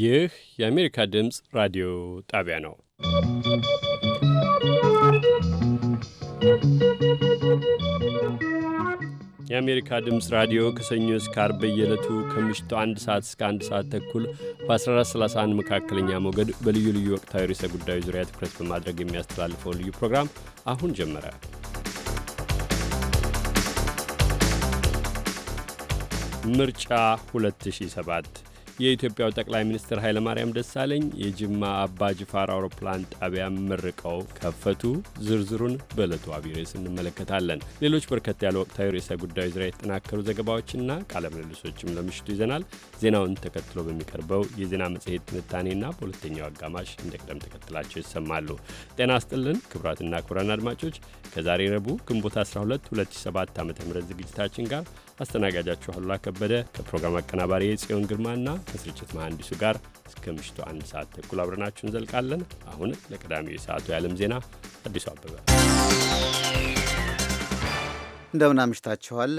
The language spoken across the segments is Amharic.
ይህ የአሜሪካ ድምፅ ራዲዮ ጣቢያ ነው። የአሜሪካ ድምፅ ራዲዮ ከሰኞ እስከ አርብ በየዕለቱ ከምሽቱ አንድ ሰዓት እስከ አንድ ሰዓት ተኩል በ1431 መካከለኛ ሞገድ በልዩ ልዩ ወቅታዊ ርዕሰ ጉዳዮች ዙሪያ ትኩረት በማድረግ የሚያስተላልፈውን ልዩ ፕሮግራም አሁን ጀመረ። ምርጫ 2007 የኢትዮጵያው ጠቅላይ ሚኒስትር ኃይለማርያም ደሳለኝ የጅማ አባ ጅፋር አውሮፕላን ጣቢያ መርቀው ከፈቱ። ዝርዝሩን በዕለቱ አብይ ርዕስ እንመለከታለን። ሌሎች በርከት ያለ ወቅታዊ ርዕሰ ጉዳዮች ዙሪያ የተጠናከሩ ዘገባዎችና ቃለምልልሶችም ለምሽቱ ይዘናል። ዜናውን ተከትሎ በሚቀርበው የዜና መጽሔት ትንታኔና በሁለተኛው አጋማሽ እንደ ቅደም ተከትላቸው ይሰማሉ። ጤና አስጥልን ክቡራትና ክቡራን አድማጮች ከዛሬ ረቡዕ ግንቦት 12 2007 ዓ ም ዝግጅታችን ጋር አስተናጋጃችሁ አሉላ ከበደ ከፕሮግራም አቀናባሪ የጽዮን ግርማና ከስርጭት መሐንዲሱ ጋር እስከ ምሽቱ አንድ ሰዓት ተኩል አብረናችሁ እንዘልቃለን። አሁን ለቀዳሚው የሰዓቱ የዓለም ዜና አዲሱ አበበ እንደምን አምሽታችኋል።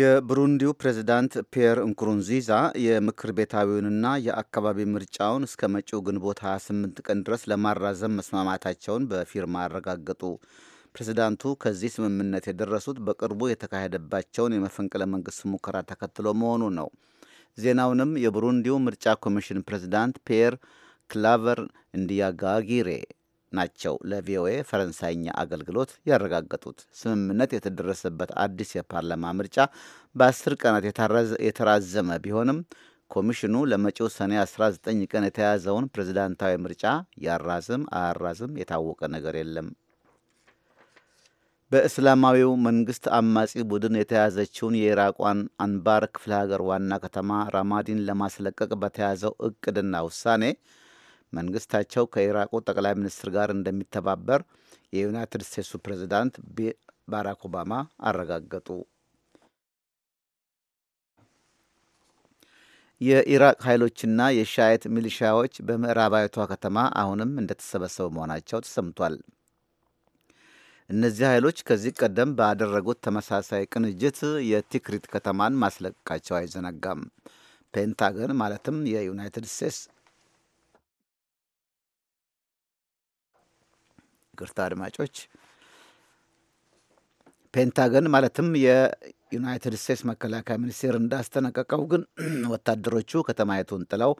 የብሩንዲው ፕሬዚዳንት ፒየር እንኩሩንዚዛ የምክር ቤታዊውንና የአካባቢ ምርጫውን እስከ መጪው ግንቦት 28 ቀን ድረስ ለማራዘም መስማማታቸውን በፊርማ አረጋገጡ። ፕሬዚዳንቱ ከዚህ ስምምነት የደረሱት በቅርቡ የተካሄደባቸውን የመፈንቅለ መንግስት ሙከራ ተከትሎ መሆኑ ነው። ዜናውንም የቡሩንዲው ምርጫ ኮሚሽን ፕሬዚዳንት ፒየር ክላቨር እንዲያጋጊሬ ናቸው ለቪኦኤ ፈረንሳይኛ አገልግሎት ያረጋገጡት። ስምምነት የተደረሰበት አዲስ የፓርላማ ምርጫ በአስር ቀናት የተራዘመ ቢሆንም ኮሚሽኑ ለመጪው ሰኔ 19 ቀን የተያዘውን ፕሬዝዳንታዊ ምርጫ ያራዝም አያራዝም የታወቀ ነገር የለም። በእስላማዊው መንግስት አማጺ ቡድን የተያዘችውን የኢራቋን አንባር ክፍለ ሀገር ዋና ከተማ ራማዲን ለማስለቀቅ በተያዘው እቅድና ውሳኔ መንግስታቸው ከኢራቁ ጠቅላይ ሚኒስትር ጋር እንደሚተባበር የዩናይትድ ስቴትሱ ፕሬዚዳንት ባራክ ኦባማ አረጋገጡ። የኢራቅ ኃይሎችና የሻየት ሚሊሻዎች በምዕራባዊቷ ከተማ አሁንም እንደተሰበሰቡ መሆናቸው ተሰምቷል። እነዚህ ኃይሎች ከዚህ ቀደም ባደረጉት ተመሳሳይ ቅንጅት የቲክሪት ከተማን ማስለቀቃቸው አይዘነጋም። ፔንታገን ማለትም የዩናይትድ ስቴትስ ግርታ አድማጮች፣ ፔንታገን ማለትም የዩናይትድ ስቴትስ መከላከያ ሚኒስቴር እንዳስጠነቀቀው ግን ወታደሮቹ ከተማይቱን ጥለው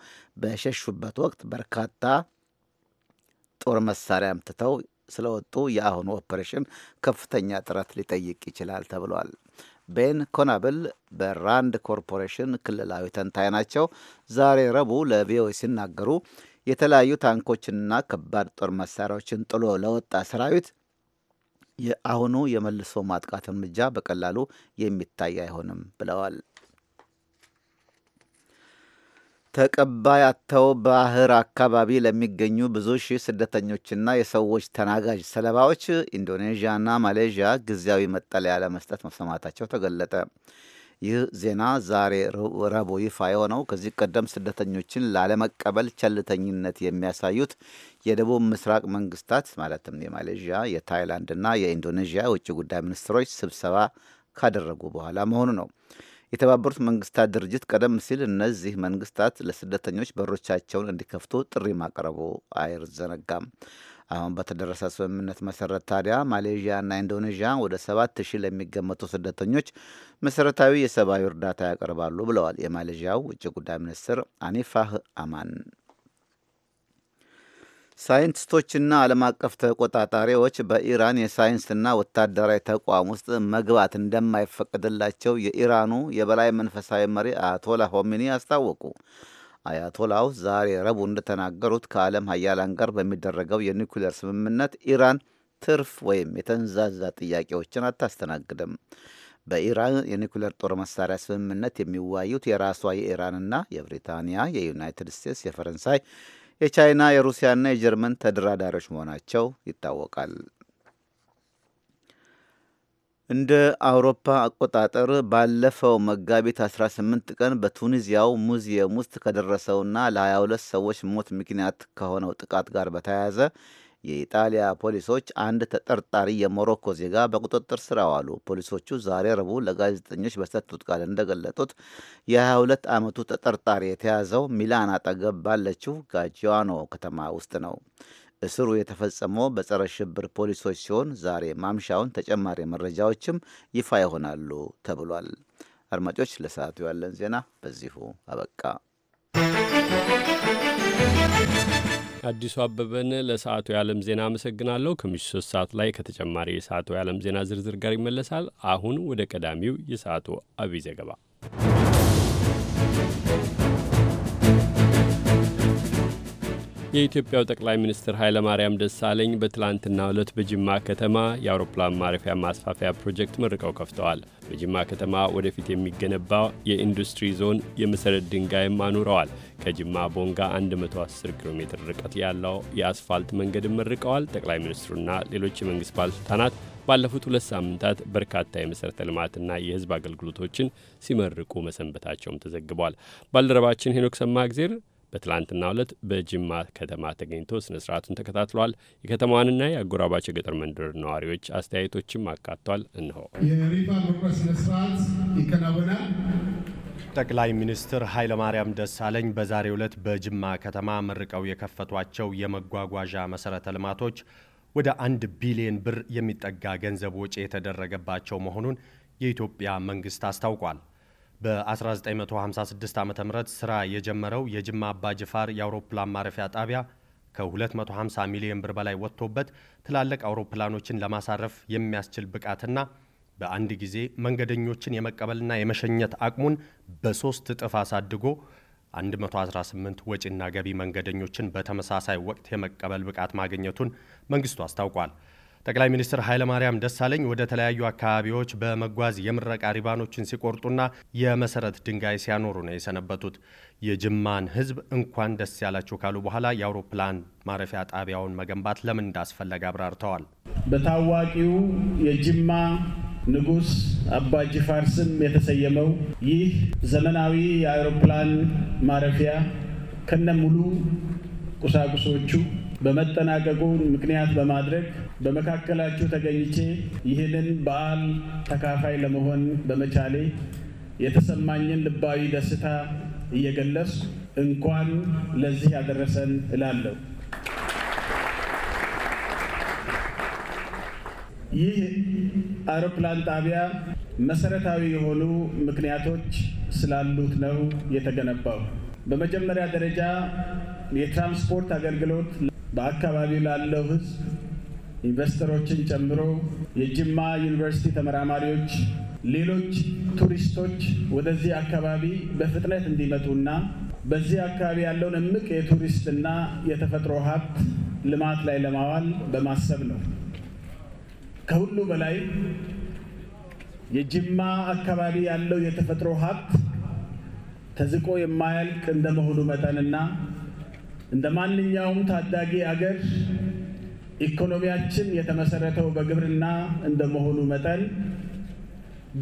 በሸሹበት ወቅት በርካታ ጦር መሳሪያ አምትተው ስለወጡ የአሁኑ ኦፐሬሽን ከፍተኛ ጥረት ሊጠይቅ ይችላል ተብሏል። ቤን ኮናብል በራንድ ኮርፖሬሽን ክልላዊ ተንታይ ናቸው። ዛሬ ረቡዕ ለቪኦኤ ሲናገሩ የተለያዩ ታንኮችንና ከባድ ጦር መሳሪያዎችን ጥሎ ለወጣ ሰራዊት የአሁኑ የመልሶ ማጥቃት እርምጃ በቀላሉ የሚታይ አይሆንም ብለዋል። ተቀባይ አጥተው ባህር አካባቢ ለሚገኙ ብዙ ሺህ ስደተኞችና የሰዎች ተናጋጅ ሰለባዎች ኢንዶኔዥያና ማሌዥያ ጊዜያዊ መጠለያ ለመስጠት መሰማታቸው ተገለጠ። ይህ ዜና ዛሬ ረቡዕ ይፋ የሆነው ከዚህ ቀደም ስደተኞችን ላለመቀበል ቸልተኝነት የሚያሳዩት የደቡብ ምስራቅ መንግስታት ማለትም የማሌዥያ፣ የታይላንድና የኢንዶኔዥያ የውጭ ጉዳይ ሚኒስትሮች ስብሰባ ካደረጉ በኋላ መሆኑ ነው። የተባበሩት መንግስታት ድርጅት ቀደም ሲል እነዚህ መንግስታት ለስደተኞች በሮቻቸውን እንዲከፍቱ ጥሪ ማቅረቡ አይዘነጋም። አሁን በተደረሰ ስምምነት መሰረት ታዲያ ማሌዥያ እና ኢንዶኔዥያ ወደ ሰባት ሺህ ለሚገመቱ ስደተኞች መሰረታዊ የሰብአዊ እርዳታ ያቀርባሉ ብለዋል የማሌዥያው ውጭ ጉዳይ ሚኒስትር አኒፋህ አማን። ሳይንቲስቶችና ዓለም አቀፍ ተቆጣጣሪዎች በኢራን የሳይንስና ወታደራዊ ተቋም ውስጥ መግባት እንደማይፈቀድላቸው የኢራኑ የበላይ መንፈሳዊ መሪ አያቶላ ሆሚኒ አስታወቁ። አያቶላው ዛሬ ረቡዕ እንደተናገሩት ከዓለም ሀያላን ጋር በሚደረገው የኒውክሌር ስምምነት ኢራን ትርፍ ወይም የተንዛዛ ጥያቄዎችን አታስተናግድም። በኢራን የኒኩሌር ጦር መሳሪያ ስምምነት የሚዋዩት የራሷ የኢራንና የብሪታንያ፣ የዩናይትድ ስቴትስ፣ የፈረንሳይ የቻይና የሩሲያና የጀርመን ተደራዳሪዎች መሆናቸው ይታወቃል። እንደ አውሮፓ አቆጣጠር ባለፈው መጋቢት 18 ቀን በቱኒዚያው ሙዚየም ውስጥ ከደረሰውና ለ22 ሰዎች ሞት ምክንያት ከሆነው ጥቃት ጋር በተያያዘ የኢጣሊያ ፖሊሶች አንድ ተጠርጣሪ የሞሮኮ ዜጋ በቁጥጥር ስር አዋሉ። ፖሊሶቹ ዛሬ ረቡዕ ለጋዜጠኞች በሰጡት ቃል እንደገለጡት የ22 ዓመቱ ተጠርጣሪ የተያዘው ሚላን አጠገብ ባለችው ጋጂዋኖ ከተማ ውስጥ ነው። እስሩ የተፈጸመው በጸረ ሽብር ፖሊሶች ሲሆን ዛሬ ማምሻውን ተጨማሪ መረጃዎችም ይፋ ይሆናሉ ተብሏል። አድማጮች፣ ለሰዓቱ ያለን ዜና በዚሁ አበቃ። አዲሱ አበበን ለሰዓቱ የዓለም ዜና አመሰግናለሁ። ከምሽቱ ሶስት ሰዓት ላይ ከተጨማሪ የሰዓቱ የዓለም ዜና ዝርዝር ጋር ይመለሳል። አሁን ወደ ቀዳሚው የሰዓቱ አብይ ዘገባ የኢትዮጵያው ጠቅላይ ሚኒስትር ኃይለማርያም ደሳለኝ በትላንትና ዕለት በጅማ ከተማ የአውሮፕላን ማረፊያ ማስፋፊያ ፕሮጀክት መርቀው ከፍተዋል። በጅማ ከተማ ወደፊት የሚገነባው የኢንዱስትሪ ዞን የመሠረት ድንጋይም አኑረዋል። ከጅማ ቦንጋ 110 ኪሎ ሜትር ርቀት ያለው የአስፋልት መንገድም መርቀዋል። ጠቅላይ ሚኒስትሩና ሌሎች የመንግሥት ባለሥልጣናት ባለፉት ሁለት ሳምንታት በርካታ የመሠረተ ልማትና የሕዝብ አገልግሎቶችን ሲመርቁ መሰንበታቸውም ተዘግቧል። ባልደረባችን ሄኖክ ሰማእግዜር በትላንትናው ዕለት በጅማ ከተማ ተገኝቶ ስነ ስርዓቱን ተከታትሏል። የከተማዋንና የአጎራባች የገጠር መንደር ነዋሪዎች አስተያየቶችም አካቷል። እንሆ የሪፋ ስነ ስርዓት ይከናወናል። ጠቅላይ ሚኒስትር ኃይለማርያም ደሳለኝ በዛሬው ዕለት በጅማ ከተማ መርቀው የከፈቷቸው የመጓጓዣ መሰረተ ልማቶች ወደ አንድ ቢሊዮን ብር የሚጠጋ ገንዘብ ወጪ የተደረገባቸው መሆኑን የኢትዮጵያ መንግስት አስታውቋል። በ1956 ዓ ም ሥራ የጀመረው የጅማ ጅፋር የአውሮፕላን ማረፊያ ጣቢያ ከ250 ሚሊዮን ብር በላይ ወጥቶበት ትላልቅ አውሮፕላኖችን ለማሳረፍ የሚያስችል ብቃትና በአንድ ጊዜ መንገደኞችን የመቀበልና የመሸኘት አቅሙን በሶስት እጥፍ አሳድጎ 118 ወጪና ገቢ መንገደኞችን በተመሳሳይ ወቅት የመቀበል ብቃት ማግኘቱን መንግስቱ አስታውቋል። ጠቅላይ ሚኒስትር ኃይለማርያም ደሳለኝ ወደ ተለያዩ አካባቢዎች በመጓዝ የምረቃ ሪባኖችን ሲቆርጡና የመሰረት ድንጋይ ሲያኖሩ ነው የሰነበቱት። የጅማን ሕዝብ እንኳን ደስ ያላቸው ካሉ በኋላ የአውሮፕላን ማረፊያ ጣቢያውን መገንባት ለምን እንዳስፈለገ አብራርተዋል። በታዋቂው የጅማ ንጉስ አባ ጅፋር ስም የተሰየመው ይህ ዘመናዊ የአውሮፕላን ማረፊያ ከነ ሙሉ ቁሳቁሶቹ በመጠናቀቁ ምክንያት በማድረግ በመካከላችሁ ተገኝቼ ይህንን በዓል ተካፋይ ለመሆን በመቻሌ የተሰማኝን ልባዊ ደስታ እየገለጽ እንኳን ለዚህ ያደረሰን እላለሁ። ይህ አውሮፕላን ጣቢያ መሰረታዊ የሆኑ ምክንያቶች ስላሉት ነው የተገነባው። በመጀመሪያ ደረጃ የትራንስፖርት አገልግሎት በአካባቢው ላለው ህዝብ ኢንቨስተሮችን ጨምሮ የጅማ ዩኒቨርሲቲ ተመራማሪዎች፣ ሌሎች ቱሪስቶች ወደዚህ አካባቢ በፍጥነት እንዲመጡና በዚህ አካባቢ ያለውን እምቅ የቱሪስትና የተፈጥሮ ሀብት ልማት ላይ ለማዋል በማሰብ ነው። ከሁሉ በላይ የጅማ አካባቢ ያለው የተፈጥሮ ሀብት ተዝቆ የማያልቅ እንደመሆኑ መጠንና እንደ ማንኛውም ታዳጊ አገር ኢኮኖሚያችን የተመሰረተው በግብርና እንደመሆኑ መጠን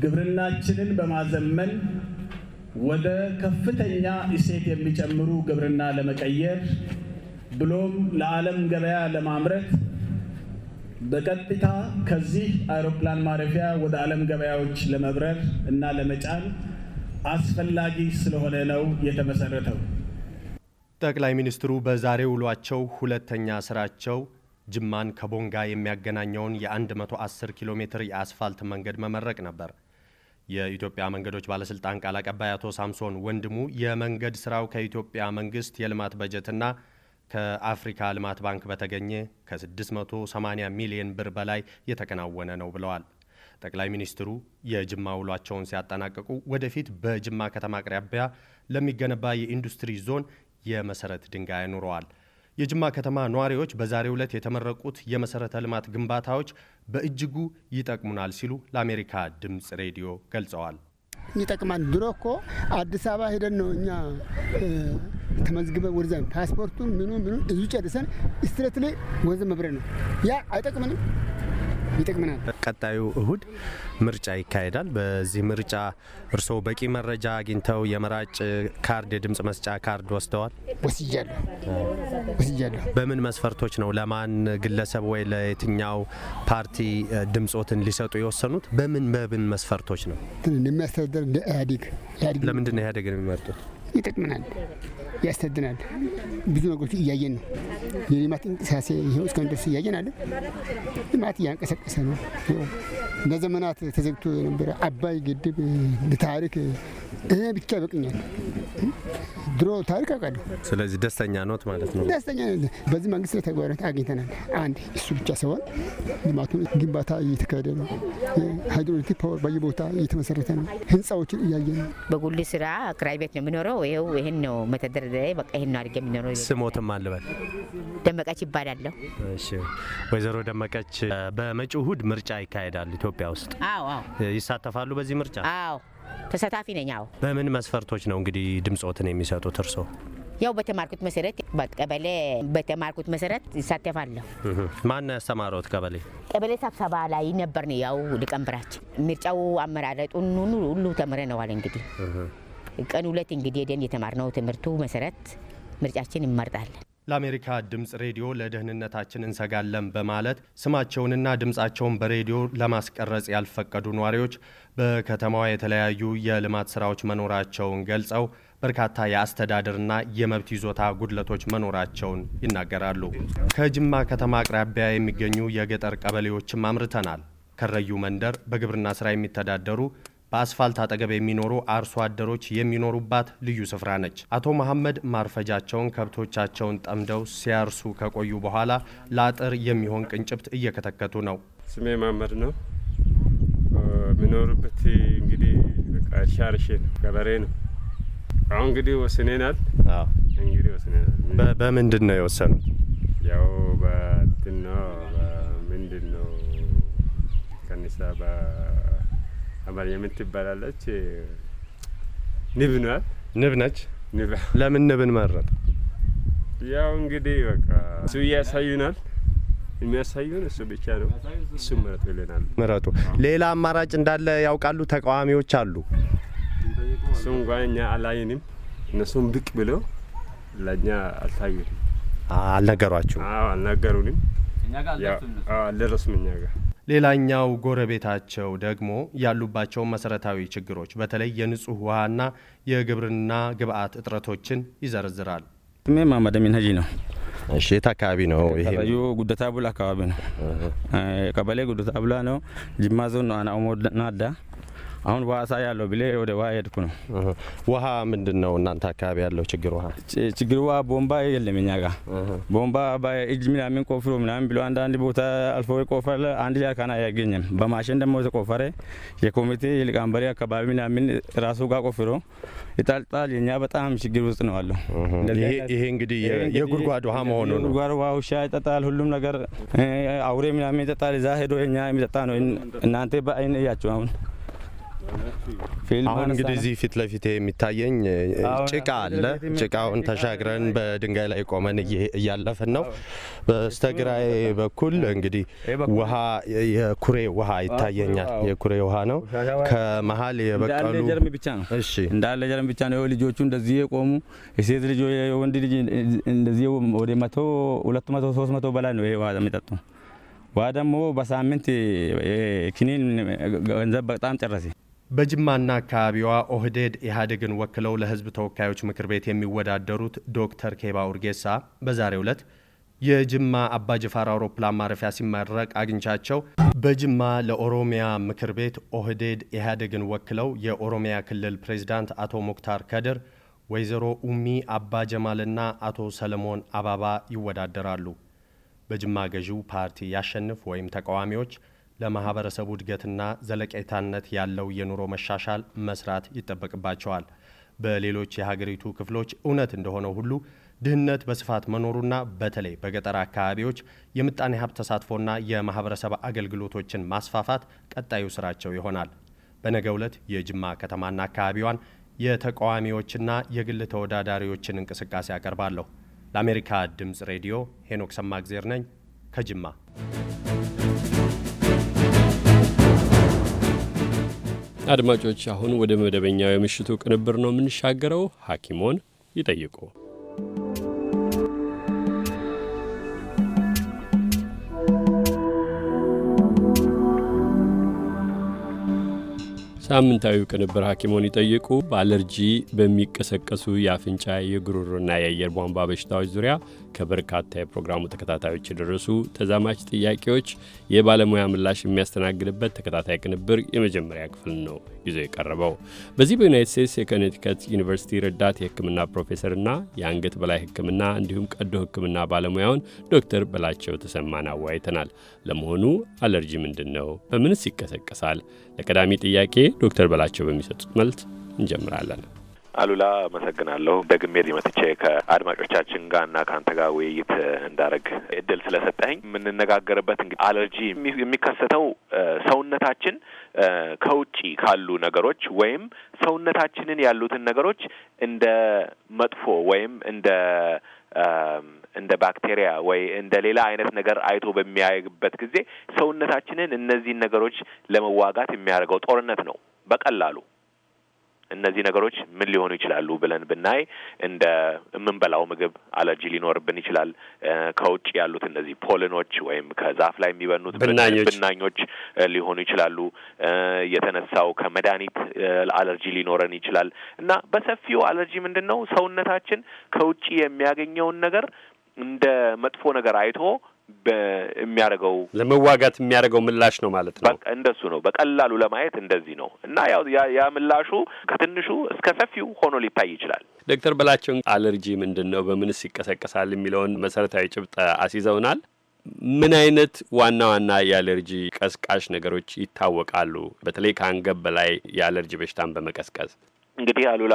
ግብርናችንን በማዘመን ወደ ከፍተኛ እሴት የሚጨምሩ ግብርና ለመቀየር ብሎም ለዓለም ገበያ ለማምረት በቀጥታ ከዚህ አውሮፕላን ማረፊያ ወደ ዓለም ገበያዎች ለመብረር እና ለመጫን አስፈላጊ ስለሆነ ነው የተመሰረተው። ጠቅላይ ሚኒስትሩ በዛሬ ውሏቸው ሁለተኛ ስራቸው ጅማን ከቦንጋ የሚያገናኘውን የ110 ኪሎ ሜትር የአስፋልት መንገድ መመረቅ ነበር። የኢትዮጵያ መንገዶች ባለስልጣን ቃል አቀባይ አቶ ሳምሶን ወንድሙ የመንገድ ስራው ከኢትዮጵያ መንግስት የልማት በጀትና ከአፍሪካ ልማት ባንክ በተገኘ ከ680 ሚሊዮን ብር በላይ የተከናወነ ነው ብለዋል። ጠቅላይ ሚኒስትሩ የጅማ ውሏቸውን ሲያጠናቀቁ ወደፊት በጅማ ከተማ አቅራቢያ ለሚገነባ የኢንዱስትሪ ዞን የመሰረት ድንጋይ ኑረዋል። የጅማ ከተማ ነዋሪዎች በዛሬው ዕለት የተመረቁት የመሰረተ ልማት ግንባታዎች በእጅጉ ይጠቅሙናል ሲሉ ለአሜሪካ ድምፅ ሬዲዮ ገልጸዋል። ይጠቅማል። ድሮ እኮ አዲስ አበባ ሄደን ነው እኛ ተመዝግበ ወደዚያ ፓስፖርቱን ምኑ ምኑ እዙ ጨርሰን ስትሬት ላይ ወደዚያ መብረ ነው። ያ አይጠቅምንም። ይጠቅመናል። ቀጣዩ እሁድ ምርጫ ይካሄዳል። በዚህ ምርጫ እርስዎ በቂ መረጃ አግኝተው የመራጭ ካርድ የድምጽ መስጫ ካርድ ወስደዋል? በምን መስፈርቶች ነው ለማን ግለሰብ ወይ ለየትኛው ፓርቲ ድምጾትን ሊሰጡ የወሰኑት? በምን በምን መስፈርቶች ነው? የሚያስተዳድር ኢህአዴግ። ለምንድን ነው ኢህአዴግን የሚመርጡት? ይጠቅመናል ያስተድናል። ብዙ ነገሮች እያየን ነው። የልማት እንቅስቃሴ ይኸው እስካሁን ድረስ እያየን አለ። ልማት እያንቀሳቀሰ ነው። ለዘመናት ተዘግቶ የነበረ አባይ ግድብ ለታሪክ ይሄ ብቻ ይበቅኛል። ድሮ ታሪክ አውቃለሁ። ስለዚህ ደስተኛ ኖት ማለት ነው? ደስተኛ በዚህ መንግስት ላይ ተግባራት አግኝተናል። አንድ እሱ ብቻ ሳይሆን ልማቱን ግንባታ እየተካሄደ ነው። ሃይድሮሊክ ፓወር በየቦታ እየተመሰረተ ነው። ህንፃዎችን እያየ ነው። በጉሊ ስራ ክራይ ቤት ነው የሚኖረው። ይኸው ይህን ነው መተደርደ በቃ ይህን ነው የሚኖረው። ስሞትም አልበል ደመቀች ይባላለሁ። ወይዘሮ ደመቀች በመጪው እሁድ ምርጫ ይካሄዳል ኢትዮጵያ ውስጥ። ይሳተፋሉ በዚህ ምርጫ? አዎ ተሳታፊ ነኝ። አዎ። በምን መስፈርቶች ነው እንግዲህ ድምጾትን የሚሰጡት እርስዎ? ያው በተማርኩት መሰረት በቀበሌ በተማርኩት መሰረት ይሳተፋለሁ። ማን ያስተማረዎት? ቀበሌ ቀበሌ ስብሰባ ላይ ነበርን። ያው ሊቀመንበራችን ምርጫው አመራረጡን ሁሉ ተምረነዋል። እንግዲህ ቀን ሁለት እንግዲህ ደን የተማርነው ትምህርቱ መሰረት ምርጫችን ይመርጣለን። ለአሜሪካ ድምፅ ሬዲዮ ለደህንነታችን እንሰጋለን በማለት ስማቸውንና ድምፃቸውን በሬዲዮ ለማስቀረጽ ያልፈቀዱ ነዋሪዎች በከተማዋ የተለያዩ የልማት ስራዎች መኖራቸውን ገልጸው በርካታ የአስተዳደርና የመብት ይዞታ ጉድለቶች መኖራቸውን ይናገራሉ። ከጅማ ከተማ አቅራቢያ የሚገኙ የገጠር ቀበሌዎችም አምርተናል። ከረዩ መንደር በግብርና ስራ የሚተዳደሩ በአስፋልት አጠገብ የሚኖሩ አርሶ አደሮች የሚኖሩባት ልዩ ስፍራ ነች። አቶ መሐመድ ማርፈጃቸውን ከብቶቻቸውን ጠምደው ሲያርሱ ከቆዩ በኋላ ለአጥር የሚሆን ቅንጭብት እየከተከቱ ነው። ስሜ መሐመድ ነው። የሚኖሩበት እንግዲህ እርሻ ርሼ ነው፣ ገበሬ ነው። አሁን እንግዲህ ወስኔናል። እንግዲህ ወስኔናል። በምንድን ነው የወሰኑት? ያው በእንትን ነው። ምንድን ነው ከኒሳ አማርኛ ትባላለች። ንብ ነው ንብ ነች። ንብ ለምን ንብን መረጥ? ያው እንግዲህ በቃ እሱ እያሳዩናል የሚያሳዩን እሱ ብቻ ነው። እሱ ምረጡ ይለናል። ምረጡ። ሌላ አማራጭ እንዳለ ያውቃሉ? ተቃዋሚዎች አሉ። እሱ እንኳን እኛ አላየንም። እነሱም ብቅ ብለው ለእኛ አልታዩንም። አልነገሯችሁ? አዎ አልነገሩንም። አልደረሱም እኛ ጋር ሌላኛው ጎረቤታቸው ደግሞ ያሉባቸው መሰረታዊ ችግሮች በተለይ የንጹህ ውሃና የግብርና ግብአት እጥረቶችን ይዘረዝራል። ስሜ መሀመድ ሚንሀጂ ነው። እሺ፣ የት አካባቢ ነው? ይሄ ጉደታ ቡላ አካባቢ ነው። ቀበሌ ጉደታ ቡላ ነው። ጅማ ዞን ነው። አና ኦሞ ናዳ አሁን በአሳ ያለው ብሌ ወደ ውሃ ሄድኩ ነው። ውሃ ምንድን ነው እናንተ አካባቢ ያለው ችግር? ውሃ ችግር ውሃ ቦምባ የለም እኛ ጋ ቦምባ በእጅ ምናምን ቆፍሮ ምናምን ብሎ አንዳንድ ቦታ አልፎ ቆፈረ። አንድ ጃካና አያገኘም። በማሽን ደግሞ የተቆፈረ የኮሚቴ የሊቃንበሬ አካባቢ ምናምን ራሱ ጋር ቆፍሮ ይጣልጣል። የኛ በጣም ችግር ውስጥ ነው አለው። ይሄ እንግዲህ የጉድጓድ ውሃ መሆኑ ነው። ጉድጓድ ውሃ ውሻ ይጠጣል፣ ሁሉም ነገር አውሬ ምናምን ይጠጣል። እዛ ሄዶ የኛ የሚጠጣ ነው። እናንተ በአይን እያቸው አሁን አሁን እንግዲህ እዚህ ፊት ለፊት የሚታየኝ ጭቃ አለ። ጭቃውን ተሻግረን በድንጋይ ላይ ቆመን እያለፈን ነው። በስተግራይ በኩል እንግዲህ ውሃ የኩሬ ውሃ ይታየኛል። የኩሬ ውሃ ነው። ከመሀል የበቀሉ ጀርም ብቻ ነው። እሺ፣ እንዳለ ጀርም ብቻ ነው። ልጆቹ እንደዚህ የቆሙ የሴት ልጅ የወንድ ልጅ እንደዚህ ወደ መቶ ሁለት መቶ ሶስት መቶ በላይ ነው ይሄ ውሃ የሚጠጡ ውሃ ደግሞ በሳምንት ክኒን ገንዘብ በጣም ጨረሴ በጅማና አካባቢዋ ኦህዴድ ኢህአዴግን ወክለው ለህዝብ ተወካዮች ምክር ቤት የሚወዳደሩት ዶክተር ኬባ ኡርጌሳ በዛሬው ዕለት የጅማ አባጅፋር አውሮፕላን ማረፊያ ሲመረቅ አግኝቻቸው በጅማ ለኦሮሚያ ምክር ቤት ኦህዴድ ኢህአዴግን ወክለው የኦሮሚያ ክልል ፕሬዚዳንት አቶ ሙክታር ከድር፣ ወይዘሮ ኡሚ አባ ጀማልና አቶ ሰለሞን አባባ ይወዳደራሉ። በጅማ ገዢው ፓርቲ ያሸንፍ ወይም ተቃዋሚዎች ለማህበረሰቡ እድገትና ዘለቄታነት ያለው የኑሮ መሻሻል መስራት ይጠበቅባቸዋል። በሌሎች የሀገሪቱ ክፍሎች እውነት እንደሆነ ሁሉ ድህነት በስፋት መኖሩና በተለይ በገጠር አካባቢዎች የምጣኔ ሀብት ተሳትፎና የማህበረሰብ አገልግሎቶችን ማስፋፋት ቀጣዩ ስራቸው ይሆናል። በነገ ዕለት የጅማ ከተማና አካባቢዋን የተቃዋሚዎችና የግል ተወዳዳሪዎችን እንቅስቃሴ አቀርባለሁ። ለአሜሪካ ድምፅ ሬዲዮ ሄኖክ ሰማግዜር ነኝ ከጅማ አድማጮች፣ አሁን ወደ መደበኛው የምሽቱ ቅንብር ነው የምንሻገረው። ሐኪሞን ይጠይቁ ሳምንታዊ ቅንብር ሐኪሞን ይጠይቁ በአለርጂ በሚቀሰቀሱ የአፍንጫ የጉሮሮና የአየር ቧንቧ በሽታዎች ዙሪያ ከበርካታ የፕሮግራሙ ተከታታዮች የደረሱ ተዛማች ጥያቄዎች የባለሙያ ምላሽ የሚያስተናግድበት ተከታታይ ቅንብር የመጀመሪያ ክፍል ነው። ይዞ የቀረበው በዚህ በዩናይት ስቴትስ የኮኔቲከት ዩኒቨርሲቲ ረዳት የሕክምና ፕሮፌሰርና የአንገት በላይ ሕክምና እንዲሁም ቀዶ ሕክምና ባለሙያውን ዶክተር በላቸው ተሰማን አወያይተናል። ለመሆኑ አለርጂ ምንድን ነው? በምንስ ይቀሰቀሳል? ለቀዳሚ ጥያቄ ዶክተር በላቸው በሚሰጡት መልስ እንጀምራለን። አሉላ አመሰግናለሁ። ደግሜ መጥቼ ከአድማጮቻችን ጋር እና ከአንተ ጋር ውይይት እንዳደረግ እድል ስለሰጠኝ የምንነጋገርበት እንግዲህ አለርጂ የሚከሰተው ሰውነታችን ከውጪ ካሉ ነገሮች ወይም ሰውነታችንን ያሉትን ነገሮች እንደ መጥፎ ወይም እንደ እንደ ባክቴሪያ ወይ እንደ ሌላ አይነት ነገር አይቶ በሚያይበት ጊዜ ሰውነታችንን እነዚህን ነገሮች ለመዋጋት የሚያደርገው ጦርነት ነው በቀላሉ እነዚህ ነገሮች ምን ሊሆኑ ይችላሉ ብለን ብናይ እንደ የምንበላው ምግብ አለርጂ ሊኖርብን ይችላል። ከውጭ ያሉት እነዚህ ፖልኖች ወይም ከዛፍ ላይ የሚበኑት ብናኞች ሊሆኑ ይችላሉ። የተነሳው ከመድኃኒት አለርጂ ሊኖረን ይችላል እና በሰፊው አለርጂ ምንድን ነው ሰውነታችን ከውጭ የሚያገኘውን ነገር እንደ መጥፎ ነገር አይቶ የሚያደርገው ለመዋጋት የሚያደርገው ምላሽ ነው ማለት ነው። እንደሱ ነው በቀላሉ ለማየት እንደዚህ ነው እና ያው ያ ምላሹ ከትንሹ እስከ ሰፊው ሆኖ ሊታይ ይችላል። ዶክተር በላቸው አለርጂ ምንድን ነው፣ በምንስ ይቀሰቀሳል የሚለውን መሰረታዊ ጭብጥ አስይዘውናል። ምን አይነት ዋና ዋና የአለርጂ ቀስቃሽ ነገሮች ይታወቃሉ? በተለይ ከአንገብ በላይ የአለርጂ በሽታን በመቀስቀስ እንግዲህ አሉላ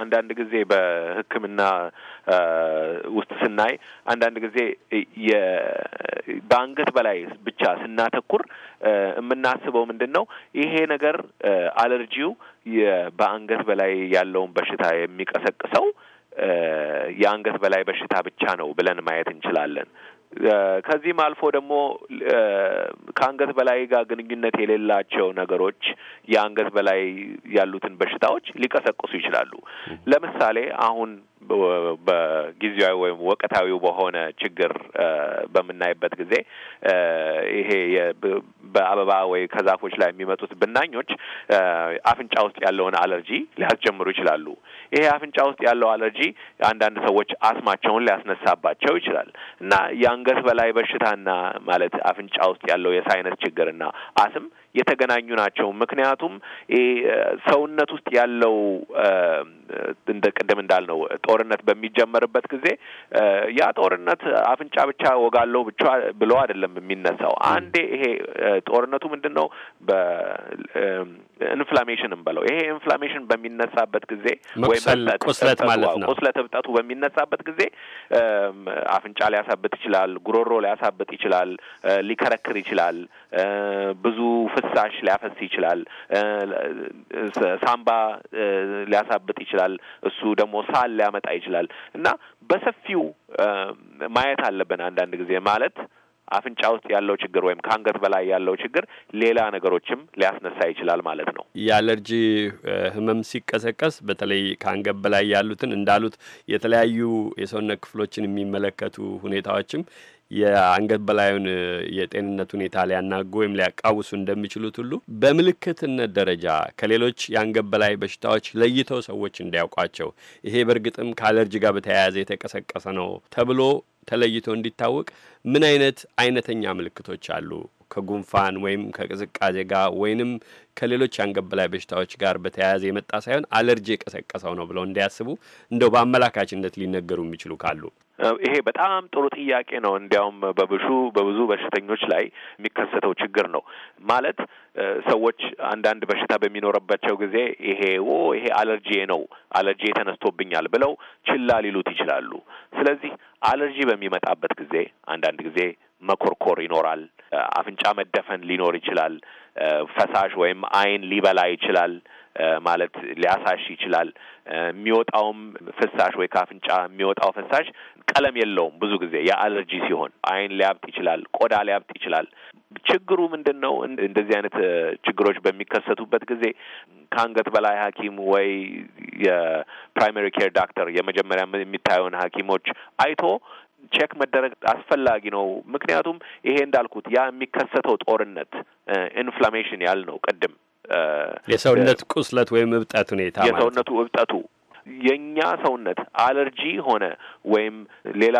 አንዳንድ ጊዜ በሕክምና ውስጥ ስናይ አንዳንድ ጊዜ በአንገት በላይ ብቻ ስናተኩር የምናስበው ምንድን ነው ይሄ ነገር አለርጂው በአንገት በላይ ያለውን በሽታ የሚቀሰቅሰው የአንገት በላይ በሽታ ብቻ ነው ብለን ማየት እንችላለን። ከዚህም አልፎ ደግሞ ከአንገት በላይ ጋር ግንኙነት የሌላቸው ነገሮች የአንገት በላይ ያሉትን በሽታዎች ሊቀሰቅሱ ይችላሉ። ለምሳሌ አሁን በጊዜያዊ ወይም ወቅታዊ በሆነ ችግር በምናይበት ጊዜ ይሄ በአበባ ወይ ከዛፎች ላይ የሚመጡት ብናኞች አፍንጫ ውስጥ ያለውን አለርጂ ሊያስጀምሩ ይችላሉ። ይሄ አፍንጫ ውስጥ ያለው አለርጂ አንዳንድ ሰዎች አስማቸውን ሊያስነሳባቸው ይችላል እና የአንገት በላይ በሽታና ማለት አፍንጫ ውስጥ ያለው የሳይነስ ችግርና አስም የተገናኙ ናቸው። ምክንያቱም ሰውነት ውስጥ ያለው እንደ ቅድም እንዳልነው ጦርነት በሚጀመርበት ጊዜ ያ ጦርነት አፍንጫ ብቻ ወጋለው ብቻ ብሎ አይደለም የሚነሳው። አንዴ ይሄ ጦርነቱ ምንድን ነው በኢንፍላሜሽን እንበለው። ይሄ ኢንፍላሜሽን በሚነሳበት ጊዜ ወይም ቁስለት ማለት ነው፣ ቁስለት እብጠቱ በሚነሳበት ጊዜ አፍንጫ ሊያሳብጥ ይችላል፣ ጉሮሮ ሊያሳብጥ ይችላል፣ ሊከረክር ይችላል ብዙ ፍሳሽ ሊያፈስ ይችላል። ሳምባ ሊያሳብጥ ይችላል። እሱ ደግሞ ሳል ሊያመጣ ይችላል እና በሰፊው ማየት አለብን። አንዳንድ ጊዜ ማለት አፍንጫ ውስጥ ያለው ችግር ወይም ከአንገት በላይ ያለው ችግር ሌላ ነገሮችም ሊያስነሳ ይችላል ማለት ነው። የአለርጂ ህመም ሲቀሰቀስ በተለይ ከአንገት በላይ ያሉትን እንዳሉት የተለያዩ የሰውነት ክፍሎችን የሚመለከቱ ሁኔታዎችም የአንገት በላዩን የጤንነት ሁኔታ ሊያናጉ ወይም ሊያቃውሱ እንደሚችሉት ሁሉ በምልክትነት ደረጃ ከሌሎች የአንገት በላይ በሽታዎች ለይተው ሰዎች እንዲያውቋቸው ይሄ በእርግጥም ከአለርጂ ጋር በተያያዘ የተቀሰቀሰ ነው ተብሎ ተለይቶ እንዲታወቅ ምን አይነት አይነተኛ ምልክቶች አሉ? ከጉንፋን ወይም ከቅዝቃዜ ጋር ወይንም ከሌሎች የአንገት በላይ በሽታዎች ጋር በተያያዘ የመጣ ሳይሆን አለርጂ የቀሰቀሰው ነው ብለው እንዲያስቡ እንደው በአመላካችነት ሊነገሩ የሚችሉ ካሉ ይሄ በጣም ጥሩ ጥያቄ ነው። እንዲያውም በብዙ በብዙ በሽተኞች ላይ የሚከሰተው ችግር ነው ማለት ሰዎች አንዳንድ በሽታ በሚኖርባቸው ጊዜ ይሄ ወ ይሄ አለርጂ ነው አለርጂ ተነስቶብኛል ብለው ችላ ሊሉት ይችላሉ። ስለዚህ አለርጂ በሚመጣበት ጊዜ አንዳንድ ጊዜ መኮርኮር ይኖራል። አፍንጫ መደፈን ሊኖር ይችላል። ፈሳሽ ወይም አይን ሊበላ ይችላል። ማለት ሊያሳሽ ይችላል። የሚወጣውም ፍሳሽ ወይ ካፍንጫ የሚወጣው ፍሳሽ ቀለም የለውም። ብዙ ጊዜ የአለርጂ ሲሆን አይን ሊያብጥ ይችላል፣ ቆዳ ሊያብጥ ይችላል። ችግሩ ምንድን ነው? እንደዚህ አይነት ችግሮች በሚከሰቱበት ጊዜ ከአንገት በላይ ሐኪም ወይ የፕራይማሪ ኬር ዳክተር የመጀመሪያ የሚታየውን ሐኪሞች አይቶ ቼክ መደረግ አስፈላጊ ነው። ምክንያቱም ይሄ እንዳልኩት ያ የሚከሰተው ጦርነት ኢንፍላሜሽን ነው ቅድም የሰውነት ቁስለት ወይም እብጠት ሁኔታ የሰውነቱ እብጠቱ የእኛ ሰውነት አለርጂ ሆነ ወይም ሌላ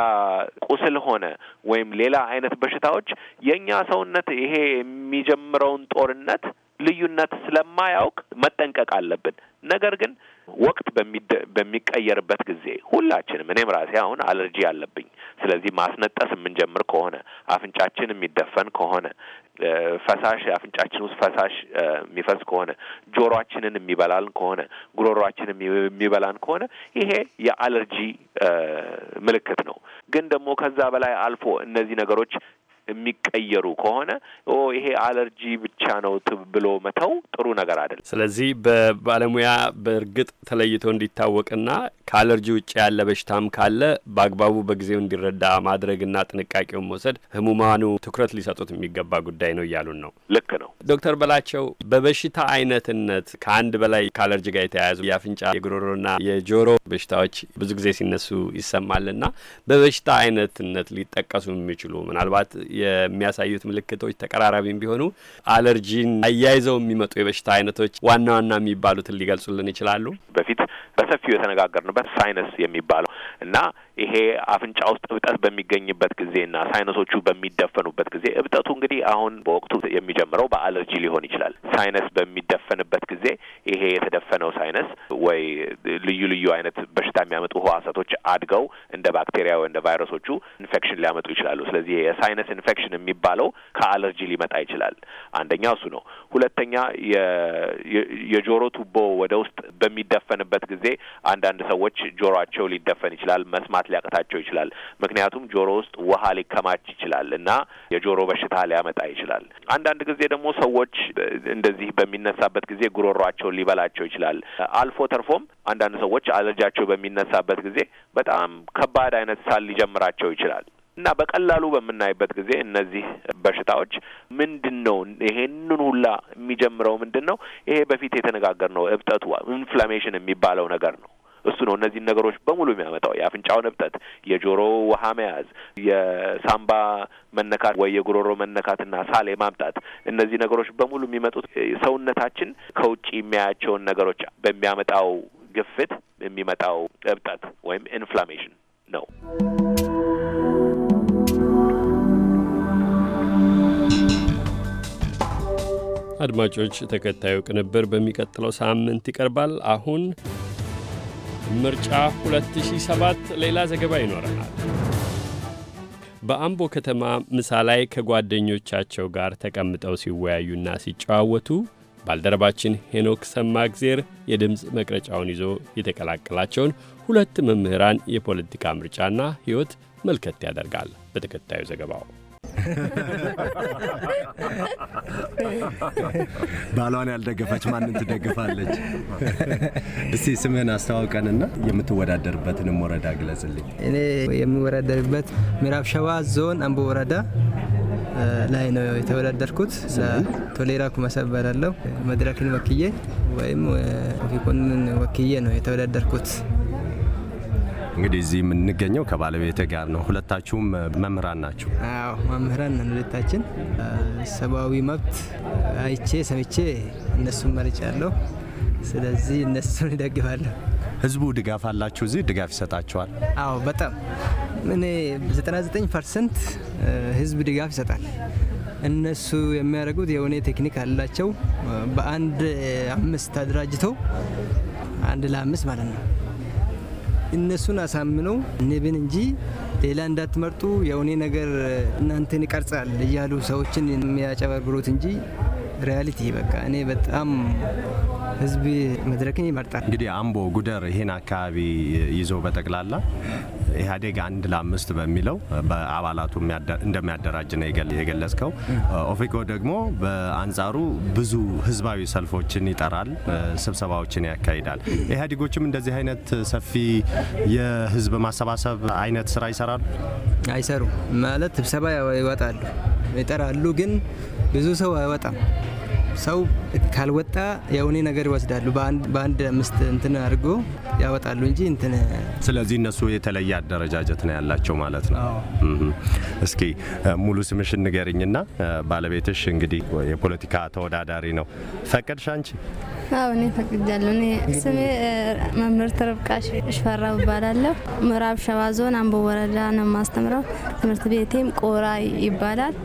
ቁስል ሆነ ወይም ሌላ አይነት በሽታዎች የእኛ ሰውነት ይሄ የሚጀምረውን ጦርነት ልዩነት ስለማያውቅ መጠንቀቅ አለብን። ነገር ግን ወቅት በሚቀየርበት ጊዜ ሁላችንም እኔም ራሴ አሁን አለርጂ አለብኝ። ስለዚህ ማስነጠስ የምንጀምር ከሆነ አፍንጫችን የሚደፈን ከሆነ ፈሳሽ አፍንጫችን ውስጥ ፈሳሽ የሚፈስ ከሆነ ጆሮአችንን የሚበላን ከሆነ ጉሮሯችንን የሚበላን ከሆነ ይሄ የአለርጂ ምልክት ነው። ግን ደግሞ ከዛ በላይ አልፎ እነዚህ ነገሮች የሚቀየሩ ከሆነ ኦ ይሄ አለርጂ ብቻ ነው ብሎ መተው ጥሩ ነገር አይደለም። ስለዚህ በባለሙያ በእርግጥ ተለይቶ እንዲታወቅና ከአለርጂ ውጭ ያለ በሽታም ካለ በአግባቡ በጊዜው እንዲረዳ ማድረግና ጥንቃቄውን መውሰድ ህሙማኑ ትኩረት ሊሰጡት የሚገባ ጉዳይ ነው እያሉን ነው። ልክ ነው ዶክተር በላቸው። በበሽታ አይነትነት ከአንድ በላይ ከአለርጂ ጋር የተያያዙ የአፍንጫ የጉሮሮና የጆሮ በሽታዎች ብዙ ጊዜ ሲነሱ ይሰማልና በበሽታ አይነትነት ሊጠቀሱ የሚችሉ ምናልባት የሚያሳዩት ምልክቶች ተቀራራቢም ቢሆኑ አለ አለርጂን አያይዘው የሚመጡ የበሽታ አይነቶች ዋና ዋና የሚባሉትን ሊገልጹልን ይችላሉ? በፊት በሰፊው የተነጋገርንበት ሳይነስ የሚባለው እና ይሄ አፍንጫ ውስጥ እብጠት በሚገኝበት ጊዜና ሳይነሶቹ በሚደፈኑበት ጊዜ እብጠቱ እንግዲህ አሁን በወቅቱ የሚጀምረው በአለርጂ ሊሆን ይችላል። ሳይነስ በሚደፈንበት ጊዜ ይሄ የተደፈነው ሳይነስ ወይ ልዩ ልዩ አይነት በሽታ የሚያመጡ ህዋሳቶች አድገው እንደ ባክቴሪያ ወይ እንደ ቫይረሶቹ ኢንፌክሽን ሊያመጡ ይችላሉ። ስለዚህ የሳይነስ ኢንፌክሽን የሚባለው ከአለርጂ ሊመጣ ይችላል። አንደ አንደኛ እሱ ነው። ሁለተኛ የጆሮ ቱቦ ወደ ውስጥ በሚደፈንበት ጊዜ አንዳንድ ሰዎች ጆሮቸው ሊደፈን ይችላል፣ መስማት ሊያቀታቸው ይችላል። ምክንያቱም ጆሮ ውስጥ ውሃ ሊከማች ይችላል እና የጆሮ በሽታ ሊያመጣ ይችላል። አንዳንድ ጊዜ ደግሞ ሰዎች እንደዚህ በሚነሳበት ጊዜ ጉሮሯቸው ሊበላቸው ይችላል። አልፎ ተርፎም አንዳንድ ሰዎች አለርጃቸው በሚነሳበት ጊዜ በጣም ከባድ አይነት ሳል ሊጀምራቸው ይችላል። እና በቀላሉ በምናይበት ጊዜ እነዚህ በሽታዎች ምንድን ነው? ይሄንን ሁላ የሚጀምረው ምንድን ነው? ይሄ በፊት የተነጋገርነው እብጠቱ ኢንፍላሜሽን የሚባለው ነገር ነው። እሱ ነው እነዚህን ነገሮች በሙሉ የሚያመጣው የአፍንጫውን እብጠት፣ የጆሮ ውሃ መያዝ፣ የሳምባ መነካት ወይ የጉሮሮ መነካትና ሳል የማምጣት እነዚህ ነገሮች በሙሉ የሚመጡት ሰውነታችን ከውጭ የሚያያቸውን ነገሮች በሚያመጣው ግፍት የሚመጣው እብጠት ወይም ኢንፍላሜሽን ነው። አድማጮች፣ ተከታዩ ቅንብር በሚቀጥለው ሳምንት ይቀርባል። አሁን ምርጫ 2007 ሌላ ዘገባ ይኖረናል። በአምቦ ከተማ ምሳ ላይ ከጓደኞቻቸው ጋር ተቀምጠው ሲወያዩና ሲጨዋወቱ ባልደረባችን ሄኖክ ሰማግዜር የድምፅ መቅረጫውን ይዞ የተቀላቀላቸውን ሁለት መምህራን የፖለቲካ ምርጫና ሕይወት መልከት ያደርጋል በተከታዩ ዘገባው። ባሏን ያልደገፈች ማንን ትደግፋለች? እስቲ ስምህን አስተዋውቀንና የምትወዳደርበትንም ወረዳ ግለጽልኝ። እኔ የምወዳደርበት ምዕራብ ሸዋ ዞን አምቦ ወረዳ ላይ ነው የተወዳደርኩት። ቶሌራ ኩመሳ እባላለሁ። መድረክን ወክዬ ወይም ኦፌኮንን ወክዬ ነው የተወዳደርኩት። እንግዲህ እዚህ የምንገኘው ከባለቤት ጋር ነው። ሁለታችሁም መምህራን ናችሁ? አዎ መምህራን ነን ሁለታችን። ሰብአዊ መብት አይቼ ሰምቼ እነሱን መርጫለሁ። ስለዚህ እነሱን ይደግፋለሁ። ህዝቡ ድጋፍ አላችሁ? እዚህ ድጋፍ ይሰጣችኋል? አዎ በጣም እኔ 99 ፐርሰንት ህዝብ ድጋፍ ይሰጣል። እነሱ የሚያደርጉት የሆነ ቴክኒክ አላቸው። በአንድ አምስት አደራጅተው አንድ ለአምስት ማለት ነው እነሱን አሳምነው ንብን እንጂ ሌላ እንዳትመርጡ የሆነ ነገር እናንተን ይቀርጻል እያሉ ሰዎችን የሚያጨበርብሩት እንጂ ሪያሊቲ በቃ እኔ በጣም ህዝብ መድረክን ይመርጣል። እንግዲህ አምቦ፣ ጉደር ይህን አካባቢ ይዞ በጠቅላላ ኢህአዴግ አንድ ለአምስት በሚለው በአባላቱ እንደሚያደራጅ ነው የገለጽከው። ኦፌኮ ደግሞ በአንጻሩ ብዙ ህዝባዊ ሰልፎችን ይጠራል፣ ስብሰባዎችን ያካሂዳል። ኢህአዴጎችም እንደዚህ አይነት ሰፊ የህዝብ ማሰባሰብ አይነት ስራ ይሰራሉ አይሰሩም? ማለት ስብሰባ ይወጣሉ ይጠራሉ፣ ግን ብዙ ሰው አይወጣም። ሰው ካልወጣ የውኔ ነገር ይወስዳሉ። በአንድ አምስት እንትን አድርጎ ያወጣሉ እንጂ እንትን። ስለዚህ እነሱ የተለየ አደረጃጀት ነው ያላቸው ማለት ነው። እስኪ ሙሉ ስምሽን ንገሪኝና፣ ባለቤትሽ እንግዲህ የፖለቲካ ተወዳዳሪ ነው። ፈቀድሽ አንቺ? አዎ እኔ ፈቅጃለሁ። እኔ ስሜ መምህርት ርብቃ ሽፈራው እባላለሁ። ምዕራብ ሸዋ ዞን አምቦ ወረዳ ነው የማስተምረው። ትምህርት ቤቴም ቆራ ይባላል።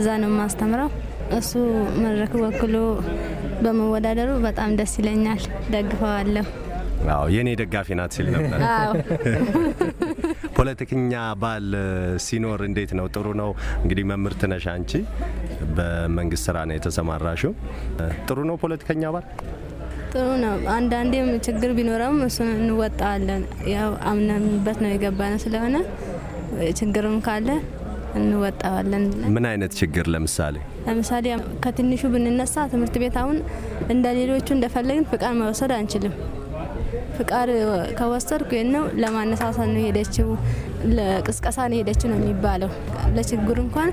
እዛ ነው የማስተምረው። እሱ መድረክ ወክሎ በመወዳደሩ በጣም ደስ ይለኛል። ደግፈዋለሁ። አዎ የእኔ ደጋፊ ናት ሲል ነበር። ፖለቲከኛ ባል ሲኖር እንዴት ነው? ጥሩ ነው። እንግዲህ መምህርት ነሽ አንቺ፣ በመንግስት ስራ ነው የተሰማራሽው። ጥሩ ነው ፖለቲከኛ ባል ጥሩ ነው። አንዳንዴም ችግር ቢኖረም እሱን እንወጣዋለን። ያው አምነንበት ነው የገባነ ስለሆነ ችግርም ካለ እንወጣዋለን። ምን አይነት ችግር ለምሳሌ? ለምሳሌ ከትንሹ ብንነሳ ትምህርት ቤት አሁን እንደ ሌሎቹ እንደፈለግን ፍቃድ መውሰድ አንችልም። ፍቃድ ከወሰድኩ ነው ለማነሳሳት ነው ሄደችው፣ ለቅስቀሳ ነው ሄደችው ነው የሚባለው። ለችግሩ እንኳን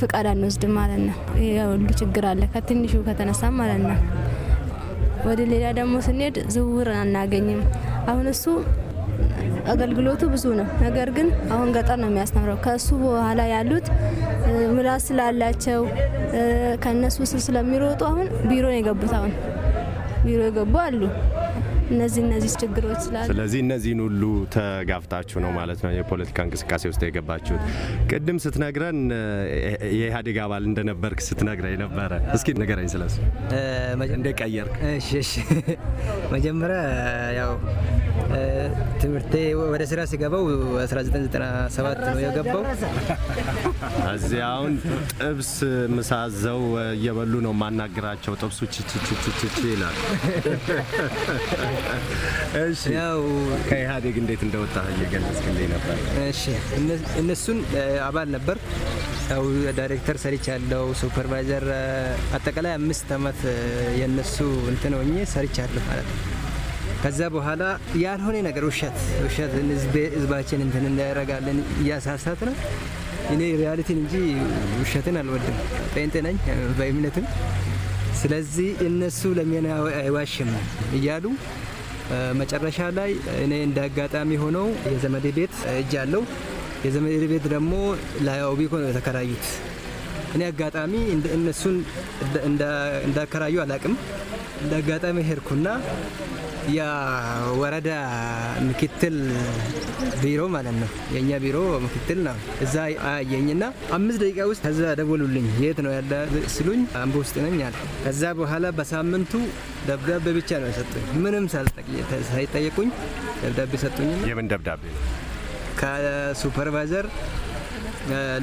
ፍቃድ አንወስድም ማለት ነው። የሁሉ ችግር አለ ከትንሹ ከተነሳ ማለት ነው። ወደ ሌላ ደግሞ ስንሄድ ዝውውር አናገኝም። አሁን እሱ አገልግሎቱ ብዙ ነው። ነገር ግን አሁን ገጠር ነው የሚያስተምረው። ከእሱ በኋላ ያሉት ምላስ ስላላቸው ከእነሱ ስር ስለሚሮጡ አሁን ቢሮ ነው የገቡት። አሁን ቢሮ የገቡ አሉ። እነዚህ እነዚህ ችግሮች ስላሉ ስለዚህ እነዚህን ሁሉ ተጋፍጣችሁ ነው ማለት ነው የፖለቲካ እንቅስቃሴ ውስጥ የገባችሁት። ቅድም ስትነግረን የኢህአዴግ አባል እንደነበርክ ስትነግረኝ ነበረ። እስኪ ንገረኝ ስለሱ እንደቀየርክ። መጀመሪያ ያው ትምህርቴ ወደ ስራ ሲገባው 1997 ነው የገባው። እዚህ አሁን ጥብስ ምሳዘው እየበሉ ነው የማናግራቸው። ጥብሱ ችችችችች ይላል። እሺ፣ ያው ከኢህአዴግ እንዴት እንደወጣ እየገለጽክልኝ ነበር። እሺ፣ እነሱን አባል ነበር። ያው ዳይሬክተር ያለው ሱፐርቫይዘር፣ አጠቃላይ አምስት አመት የነሱ እንትን ሆኜ አለሁ ማለት ነው። ከዛ በኋላ ያልሆነ ነገር ውሸት ውሸት ህዝባችን እንትን እንዳያረጋለን እያሳሳት ነው። እኔ ሪያሊቲን እንጂ ውሸትን አልወድም። ጴንጤ ነኝ በእምነትም። ስለዚህ እነሱ ለሚን አይዋሽም እያሉ መጨረሻ ላይ እኔ እንደ አጋጣሚ ሆነው የዘመዴ ቤት እጅ አለው። የዘመዴ ቤት ደግሞ ለኦቢኮ ነው የተከራዩት። እኔ አጋጣሚ እነሱን እንዳከራዩ አላቅም። እንደ አጋጣሚ ሄድኩና የወረዳ ምክትል ቢሮ ማለት ነው። የእኛ ቢሮ ምክትል ነው። እዛ አየኝና አምስት ደቂቃ ውስጥ ከዛ ደወሉልኝ። የት ነው ያለ ስሉኝ፣ አምቦ ውስጥ ነኝ አለ። ከዛ በኋላ በሳምንቱ ደብዳቤ ብቻ ነው የሰጡኝ። ምንም ሳይጠየቁኝ ደብዳቤ ሰጡኝ። የምን ደብዳቤ? ከሱፐርቫይዘር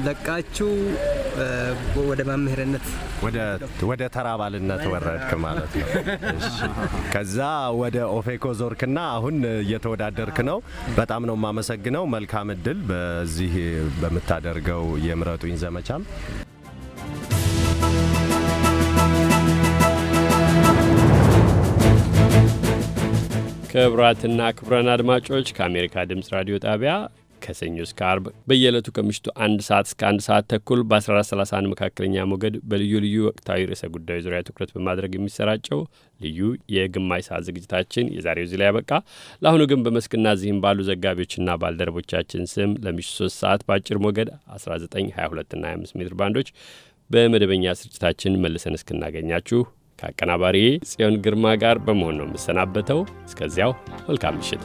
ለቃችሁ ወደ መምህርነት ወደ ተራባልነት ወረድክ ማለት ነው። ከዛ ወደ ኦፌኮ ዞርክና አሁን እየተወዳደርክ ነው። በጣም ነው የማመሰግነው። መልካም እድል በዚህ በምታደርገው የምረጡኝ ዘመቻም ክብራትና ክብረን አድማጮች ከአሜሪካ ድምፅ ራዲዮ ጣቢያ ከሰኞ እስከ አርብ በየዕለቱ ከምሽቱ አንድ ሰዓት እስከ አንድ ሰዓት ተኩል በ1431 መካከለኛ ሞገድ በልዩ ልዩ ወቅታዊ ርዕሰ ጉዳዮች ዙሪያ ትኩረት በማድረግ የሚሰራጨው ልዩ የግማሽ ሰዓት ዝግጅታችን የዛሬው እዚህ ላይ ያበቃ። ለአሁኑ ግን በመስክና እዚህም ባሉ ዘጋቢዎችና ባልደረቦቻችን ስም ለምሽቱ 3 ሰዓት በአጭር ሞገድ 1922 22ና 25 ሜትር ባንዶች በመደበኛ ስርጭታችን መልሰን እስክናገኛችሁ ከአቀናባሪ ጽዮን ግርማ ጋር በመሆን ነው የምሰናበተው። እስከዚያው መልካም ምሽት።